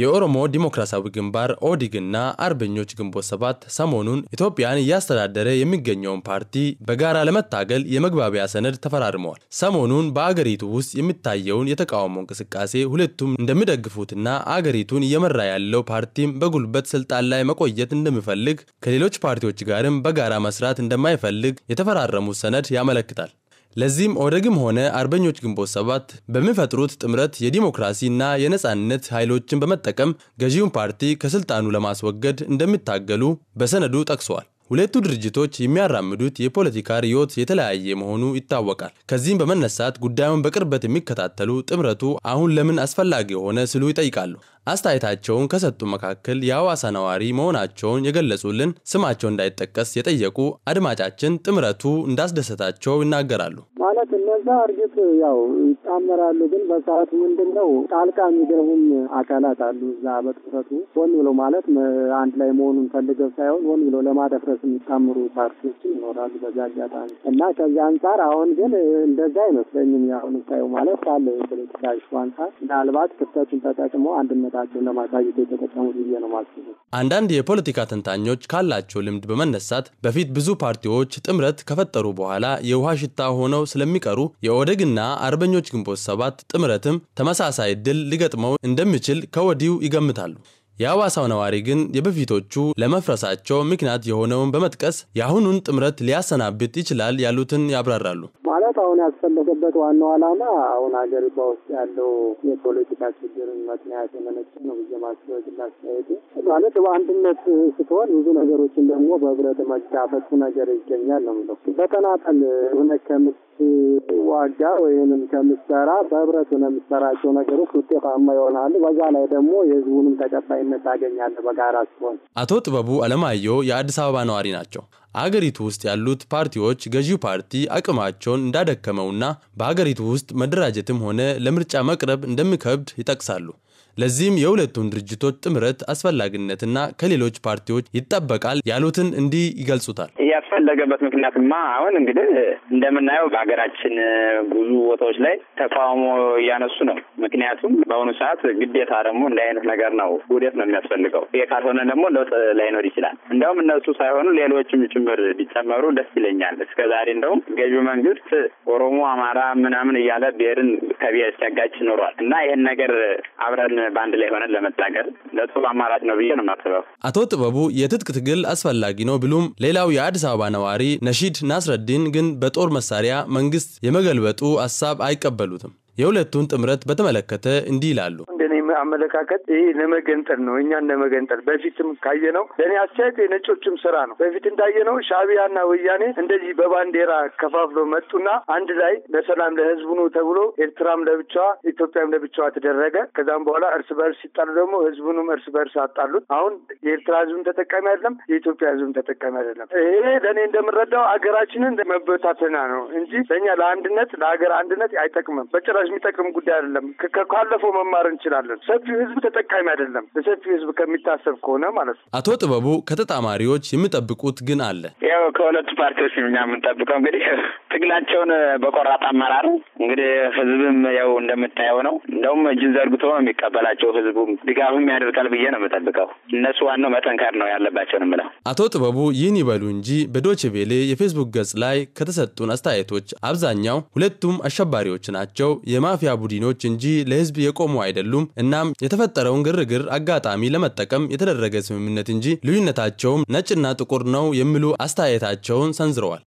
የኦሮሞ ዲሞክራሲያዊ ግንባር ኦዲግና አርበኞች ግንቦት ሰባት ሰሞኑን ኢትዮጵያን እያስተዳደረ የሚገኘውን ፓርቲ በጋራ ለመታገል የመግባቢያ ሰነድ ተፈራርመዋል። ሰሞኑን በአገሪቱ ውስጥ የሚታየውን የተቃውሞ እንቅስቃሴ ሁለቱም እንደሚደግፉትና አገሪቱን እየመራ ያለው ፓርቲም በጉልበት ስልጣን ላይ መቆየት እንደሚፈልግ ከሌሎች ፓርቲዎች ጋርም በጋራ መስራት እንደማይፈልግ የተፈራረሙት ሰነድ ያመለክታል። ለዚህም ኦደግም ሆነ አርበኞች ግንቦት ሰባት በሚፈጥሩት ጥምረት የዲሞክራሲ እና የነጻነት ኃይሎችን በመጠቀም ገዢውን ፓርቲ ከስልጣኑ ለማስወገድ እንደሚታገሉ በሰነዱ ጠቅሰዋል። ሁለቱ ድርጅቶች የሚያራምዱት የፖለቲካ ርዕዮት የተለያየ መሆኑ ይታወቃል። ከዚህም በመነሳት ጉዳዩን በቅርበት የሚከታተሉ ጥምረቱ አሁን ለምን አስፈላጊ የሆነ ስሉ ይጠይቃሉ። አስተያየታቸውን ከሰጡ መካከል የሐዋሳ ነዋሪ መሆናቸውን የገለጹልን ስማቸው እንዳይጠቀስ የጠየቁ አድማጫችን ጥምረቱ እንዳስደሰታቸው ይናገራሉ። ማለት እነዛ እርግጥ ያው ይጣመራሉ፣ ግን በሰዓቱ ምንድን ነው ጣልቃ የሚገቡም አካላት አሉ። እዛ በጥምረቱ ሆን ብሎ ማለት አንድ ላይ መሆኑን ፈልገው ሳይሆን ሆን ብሎ ለማደፍረስ የሚጣምሩ ፓርቲዎች ይኖራሉ በዛ አጋጣሚ እና ከዚህ አንጻር አሁን ግን እንደዛ አይመስለኝም። ያሁን ሳየው ማለት ካለ ፖለቲካ አንጻር ምናልባት ክፍተቱን ተጠቅሞ አንድነት ብቃታቸውን ለማሳየት የተጠቀሙት ብዬ ነው የማስበው። አንዳንድ የፖለቲካ ተንታኞች ካላቸው ልምድ በመነሳት በፊት ብዙ ፓርቲዎች ጥምረት ከፈጠሩ በኋላ የውሃ ሽታ ሆነው ስለሚቀሩ የኦደግና አርበኞች ግንቦት ሰባት ጥምረትም ተመሳሳይ ድል ሊገጥመው እንደሚችል ከወዲሁ ይገምታሉ። የአዋሳው ነዋሪ ግን የበፊቶቹ ለመፍረሳቸው ምክንያት የሆነውን በመጥቀስ የአሁኑን ጥምረት ሊያሰናብት ይችላል ያሉትን ያብራራሉ። መሰረት አሁን ያስፈለገበት ዋናው ዓላማ አሁን ሀገሪቷ ውስጥ ያለው የፖለቲካ ችግር ምክንያት የመነጨ ነው ብዬ ማስበግ ላስተያየት ማለት በአንድነት ስትሆን ብዙ ነገሮችን ደግሞ በህብረት መጋፈጡ ነገር ይገኛል ነው ምለው። በተናጠል ሆነ ከምትዋጋ ወይንም ከምትሰራ በህብረት ሆነ የምትሰራቸው ነገሮች ውጤታማ ይሆናሉ። በዛ ላይ ደግሞ የህዝቡንም ተቀባይነት ታገኛለህ በጋራ ስትሆን። አቶ ጥበቡ አለማየሁ የአዲስ አበባ ነዋሪ ናቸው። አገሪቱ ውስጥ ያሉት ፓርቲዎች ገዢው ፓርቲ አቅማቸውን እንዳደከመውና በአገሪቱ ውስጥ መደራጀትም ሆነ ለምርጫ መቅረብ እንደሚከብድ ይጠቅሳሉ። ለዚህም የሁለቱን ድርጅቶች ጥምረት አስፈላጊነትና ከሌሎች ፓርቲዎች ይጠበቃል ያሉትን እንዲህ ይገልጹታል። ያስፈለገበት ምክንያትማ አሁን እንግዲህ እንደምናየው በሀገራችን ብዙ ቦታዎች ላይ ተቃውሞ እያነሱ ነው። ምክንያቱም በአሁኑ ሰዓት ግዴታ ደግሞ እንደ አይነት ነገር ነው ውደት ነው የሚያስፈልገው። ይሄ ካልሆነ ደግሞ ለውጥ ላይኖር ይችላል። እንዲያውም እነሱ ሳይሆኑ ሌሎችም ጭምር ቢጨመሩ ደስ ይለኛል። እስከ ዛሬ እንደውም ገዢው መንግስት ኦሮሞ፣ አማራ ምናምን እያለ ብሔርን ከብሔር ሲያጋጭ ኖሯል እና ይህን ነገር አብረን በአንድ ላይ ሆነን ለመታገል ለጥሩ አማራጭ ነው ብዬ ነው የማስበው። አቶ ጥበቡ የትጥቅ ትግል አስፈላጊ ነው ብሉም ሌላው የአዲስ አበባ ነዋሪ ነሺድ ናስረዲን ግን በጦር መሳሪያ መንግስት የመገልበጡ ሀሳብ አይቀበሉትም። የሁለቱን ጥምረት በተመለከተ እንዲህ ይላሉ። አመለካከት ይህ ለመገንጠል ነው፣ እኛን ለመገንጠል። በፊትም ነው። ለእኔ አስተያየት የነጮችም ስራ ነው። በፊት እንዳየነው ሻቢያና ወያኔ እንደዚህ በባንዲራ ከፋፍሎ መጡና አንድ ላይ ለሰላም ለህዝቡ ነው ተብሎ ኤርትራም ለብቻዋ ኢትዮጵያም ለብቻዋ ተደረገ። ከዛም በኋላ እርስ በእርስ ሲጣሉ ደግሞ ህዝቡንም እርስ በእርስ አጣሉት። አሁን የኤርትራ ህዝብም ተጠቃሚ አይደለም፣ የኢትዮጵያ ህዝብም ተጠቃሚ አይደለም። ይሄ ለእኔ እንደምረዳው ሀገራችንን መበታተና ነው እንጂ ለእኛ ለአንድነት ለሀገር አንድነት አይጠቅምም በጭራሽ ለወዳጅ የሚጠቅም ጉዳይ አይደለም። ካለፈው መማር እንችላለን። ሰፊው ህዝብ ተጠቃሚ አይደለም። ለሰፊው ህዝብ ከሚታሰብ ከሆነ ማለት ነው። አቶ ጥበቡ ከተጣማሪዎች የሚጠብቁት ግን አለ። ያው ከሁለቱ ፓርቲዎች እኛ የምንጠብቀው እንግዲህ ትግላቸውን በቆራጥ አመራር እንግዲህ ህዝብም ያው እንደምታየው ነው። እንደውም እጅን ዘርግቶ ነው የሚቀበላቸው። ህዝቡም ድጋፍም ያደርጋል ብዬ ነው የምጠብቀው። እነሱ ዋናው መጠንከር ነው ያለባቸው ነው የምለው። አቶ ጥበቡ ይህን ይበሉ እንጂ በዶች ቬሌ የፌስቡክ ገጽ ላይ ከተሰጡን አስተያየቶች አብዛኛው ሁለቱም አሸባሪዎች ናቸው የማፊያ ቡድኖች እንጂ ለህዝብ የቆሙ አይደሉም። እናም የተፈጠረውን ግርግር አጋጣሚ ለመጠቀም የተደረገ ስምምነት እንጂ ልዩነታቸውም ነጭና ጥቁር ነው የሚሉ አስተያየታቸውን ሰንዝረዋል።